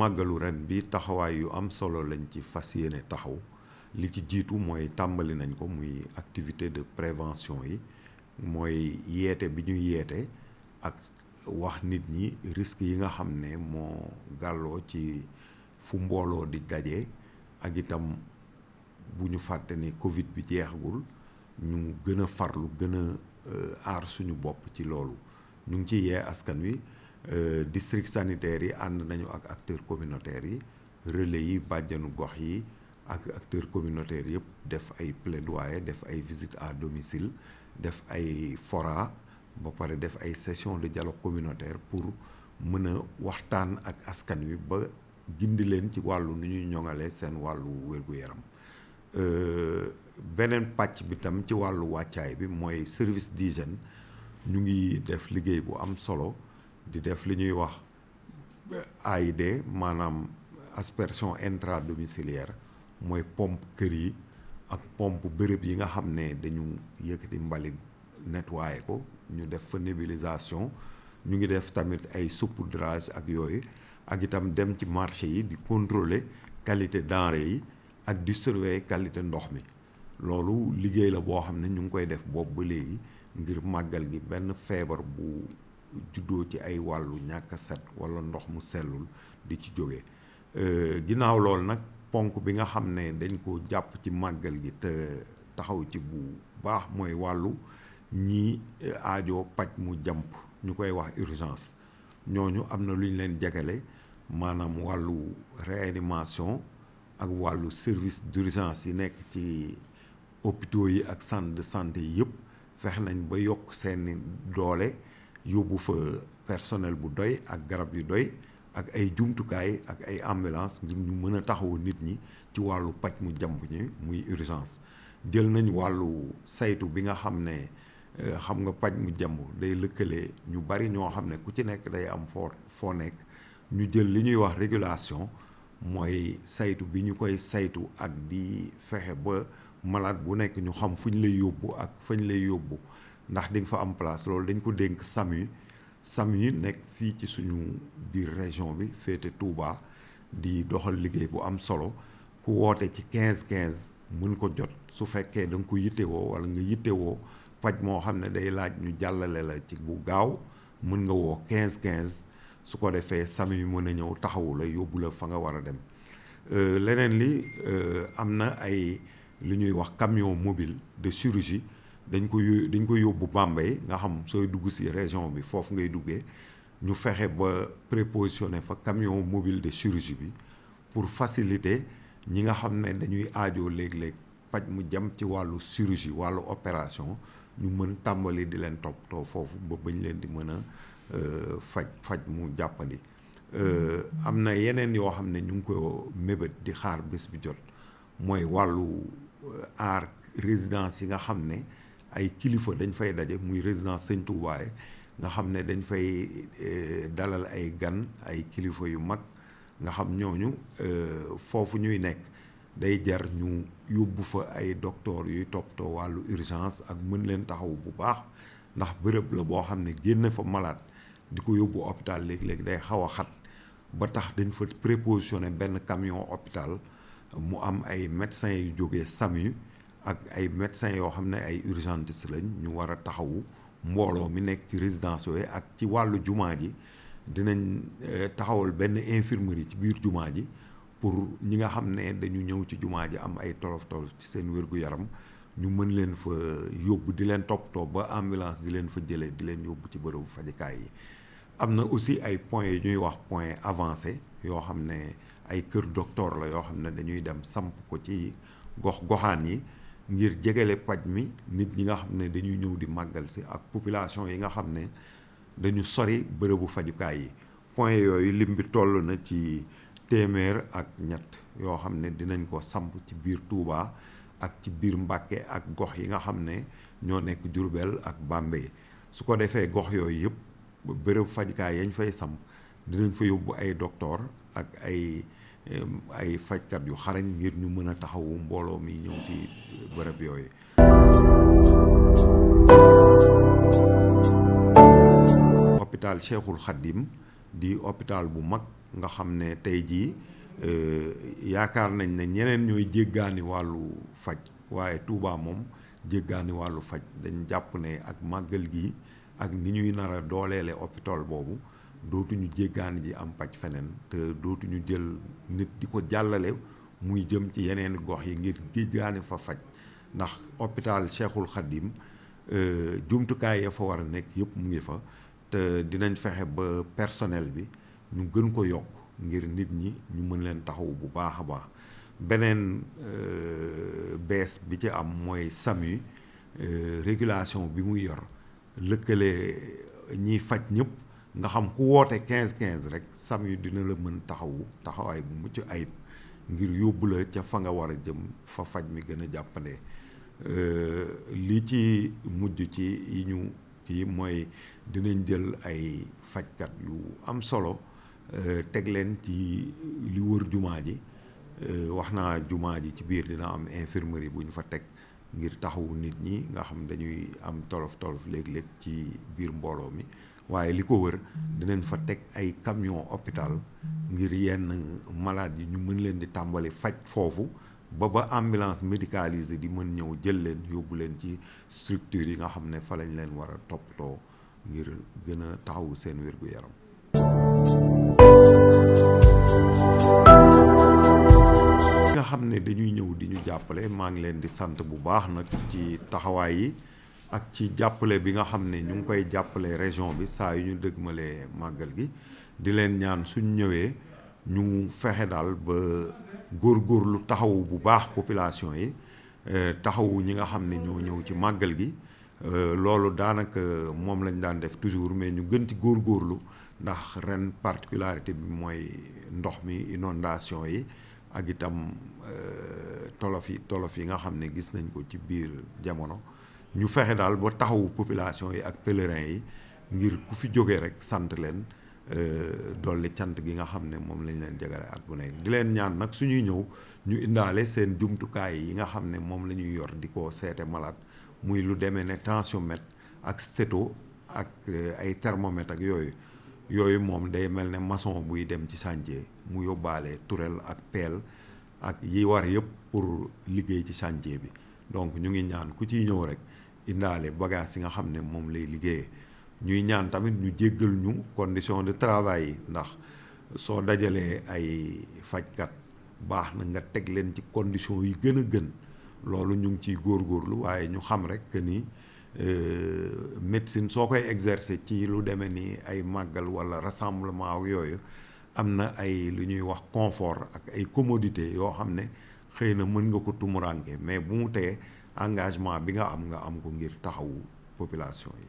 màggalu ren bi taxawaay yu am solo lañ ci fas yéene taxaw li ci jiitu mooy tàmbali nañ ko muy activité de prévention yi mooy yeete bi ñu yeete ak wax nit ñi risques yi nga xam ne moo gàlloo ci fu mbooloo di daje ak itam bu ñu fàtte ni Covid bi jeexagul ñu gën a farlu gën a euh, aar suñu bopp ci loolu ñu ngi ci yee askan wi Euh, district sanitaire yi ànd nañu ak acteurs communautaires yi relais yi bàjjanu gox yi ak acteurs communautaire yëpp def ay plaidoyer def ay visite à domicile def ay fora ba pare def ay session de dialogue communautaire pour mën a waxtaan ak askan wi ba gindi leen ci wàllu nu ñuy ñoŋalee seen wàllu wérgu gu yaram euh, beneen pàcc bi tam ci wàllu wàccaay bi mooy service d'hygiène ñu ngi def liggéey bu am solo di def li ñuy wax AID maanaam aspersion intra domiciliaire mooy pompe kër yi ak pompe bërëb yi nga xam ne dañu yëkkati mbali nettoyé ko ñu def fa nébulisation ñu ngi def tamit ay saupoudrage ak yooyu ak itam dem ci marché yi di contrôler qualité denrée yi ak di surveiller qualité ndox mi loolu liggéey la boo xam ne ñu ngi koy def boobu ba léegi ngir màggal gi benn feebar bu juddoo ci ay wàllu ñàkk set wala ndox mu sellul di ci jóge euh, ginnaaw loolu nag ponk bi nga xam ne dañ ko jàpp ci màggal gi te taxaw ci bu baax mooy wàllu ñii euh, aajo paj mu jàmp ñu koy wax urgence ñooñu am na luñ leen jagale maanaam wàllu réanimation ak wàllu service d'urgence yi nekk ci hôpitaux yi ak centre de santé yëpp fex nañ ba yokk seeni doole yóbbu fa personnel bu doy ak garab yu doy ak ay jumtukaay ak ay ambulance ngir ñu mën a taxawu nit ñi ci wàllu paj mu jàmb ñi muy urgence jël nañu wàllu saytu bi nga xam ne euh, xam nga paj mu jàmb day lëkkalee ñu bari ñoo xam ne ku ci nekk day am foo foo nekk ñu jël li ñuy wax régulation mooy saytu bi ñu koy saytu ak di fexe ba malade bu nekk ñu xam fu ñu lay yóbbu ak fañ lay yóbbu ndax di nga fa am place loolu dañ ko dénk SAMU yi nekk fii ci suñu biir région bi féete Touba di doxal liggéey bu am solo ku woote ci quinze quinze mën ko jot su fekkee da nga ko yittewoo wala nga yittewoo paj moo xam ne day laaj ñu jàllale la ci bu gaaw mën nga woo quinze quinze su ko defee SAMU yi mën a ñëw taxawu la yóbbu la fa nga war a dem euh, leneen li euh, am na ay lu ñuy wax camion mobile de chirurgie. dañ ko yó dañ ko yóbbu Bambey nga xam sooy dugg si région bi foofu ngay duggee ñu fexe ba prépositionné fa camion mobile de chirurgie bi pour faciliter ñi nga xam ne dañuy aajoo léeg-léeg paj mu jam ci wàllu chirurgie wàllu opération ñu mën tàmbali di leen toppatoo foofu ba bañ leen di mën a euh, faj faj mu jàppandi euh, am na yeneen yoo xam ne ñu ngi ko mébét di xaar bés bi jot mooy wàllu euh, aar résidence yi nga xam ne ay kilifa dañ fay daje muy résidence sëñ Touba nga xam ne dañ fay eh, dalal ay gan ay kilifa yu mag nga xam ñooñu eh, foofu ñuy nekk day jar ñu yóbbu fa ay docteur yuy toppatoo wàllu urgence ak mën leen taxaw bu baax ndax bërëb la boo xam ne génn fa malade di ko yóbbu hôpital léeg-léeg day xaw a xat ba tax dañ fa prépositionné benn camion hôpital mu am ay médecins yu jógee SAMU ak ay médecins yoo xam ne ay urgentistes lañ ñu war a taxawu mbooloo mi nekk ci résidence yooyu ak ci wàllu jumaa ji dinañ euh, taxawal benn infirmerie ci biir jumaa ji pour ñi nga xam ne dañu ñëw ci jumaa ji am ay tolof tolof ci seen wér-gu-yaram ñu mën leen fa yóbbu di leen toog ba ambulance di leen fa jëlee di leen yóbbu ci bërëbu fajukaay yi am na aussi ay points yu ñuy wax point avancé yoo xam ne ay kër docteur la yoo xam ne dañuy dem samp ko ci gox goxaan yi ngir jegale paj mi nit ñi nga xam ne dañuy ñëw di màggal si ak population yi nga xam ne dañu sori bërëbu fajukaay yi point yooyu lim bi toll na ci téeméer ak ñett yoo xam ne dinañ ko samp ci biir Touba ak ci biir Mbàkke ak gox yi nga xam ne ñoo nekk Jurbel ak Bambey su ko defee gox yooyu yëpp bërëb fajukaay yañ fay samp dinañ fa yóbbu ay docteur ak ay ay fajkat yu xarañ ngir ñu mën a taxawu mbooloo mi ñëw ci bërëb yooyu. hôpital Cheikhul Khadim di hôpital bu mag nga xam ne tey jii e, yaakaar nañ ne ñeneen ñooy jéggaani wàllu faj waaye Touba moom jéggaani wàllu faj dañ jàpp ne ak màggal gi ak ni ñuy nar a dooleele hôpital boobu. dootuñu jéggaani ji am paj feneen te dootuñu jël nit di ko jàllale muy jëm ci yeneen gox yi ngir jéggaani fa faj ndax hôpital Cheikhul Khadim euh, jumtukaay ya fa war a nekk yëpp mu ngi fa te dinañ fexe ba personnel bi ñu gën ko yokk ngir nit ñi ñu mën leen taxaw bu baax a baax beneen euh, bees bi ci am mooy SAMU euh, régulation bi muy yor lëkkale ñiy faj ñëpp nga xam ku woote quinze quinze rek SAMU dina la mën taxawu taxawaay bu mucc ay ngir yóbbu la ca fa nga war a jëm fa faj mi gën a jàppandee euh, li ci mujj ci yi ñu kii mooy dinañ jël ay fajkat yu am solo euh, teg leen ci li wër jumaa ji euh, wax naa jumaa ji ci biir dina am infirmerie bu ñu fa teg ngir taxawu nit ñi nga xam dañuy am tolof tolof léeg-léeg ci biir mbooloo mi waaye li ko wër dinañ fa teg ay camion hôpital ngir yenn malaat yi ñu mën leen di tàmbali faj foofu ba ba ambulance médicalisée di mën ñëw jël leen yóbbu leen ci structure yi nga xam ne fa lañ leen war a toppatoo ngir gën a taxawu seen wér yaram nga xam ne dañuy ñëw di ñu jàppale maa ngi leen di sant bu baax nag ci taxawaay yi ak ci jàppale bi nga xam ne ñu ngi koy jàppale région bi saa yu ñu dëgmalee màggal gi di leen ñaan suñ ñëwee ñu fexe daal ba góor góorgóorlu taxawu bu baax population yi euh, taxawu ñi nga xam ne ñoo ñëw ci màggal gi euh, loolu daanaka moom lañ daan def toujours mais ñu gën góor góorlu ndax ren particularité bi mooy ndox mi inondation yi ak itam euh, tolof yi tolof yi nga xam ne gis nañ ko ci biir jamono ñu fexe daal ba taxawu population yi ak pèlerins yi ngir ku fi jógee rek sant leen euh, dolli cant gi nga xam ne moom lañ leen jagare at bu nekk di leen ñaan nag suñuy ñëw ñu indaale seen jumtukaay yi nga xam ne moom la ñuy yor di ko seete malaat muy lu demee ne tensiomètre ak stéto ak euh, ay thermomètre ak yooyu yooyu moom day mel ne mason buy dem ci chantier mu yóbbaale turel ak peel ak yi war yëpp pour liggéey ci chantier bi donc ñu ngi ñaan ku ciy ñëw rek indaale bagage yi nga xam ne moom lay liggéeyee ñuy ñaan tamit ñu jéggal ñu condition de travail yi ndax soo dajalee ay fajkat baax na nga teg leen ci condition yi gën a gën loolu ñu ngi ciy góor góorlu waaye ñu xam rek que ni euh, médecine soo koy exercer ci lu demee ni ay màggal walla rassemblement yooyu am na ay lu ñuy wax confort ak ay commodité yoo xam ne xëy na mën nga ko tumuraanke mais bu mu tee engagement bi nga am nga am ko ngir taxawu population yi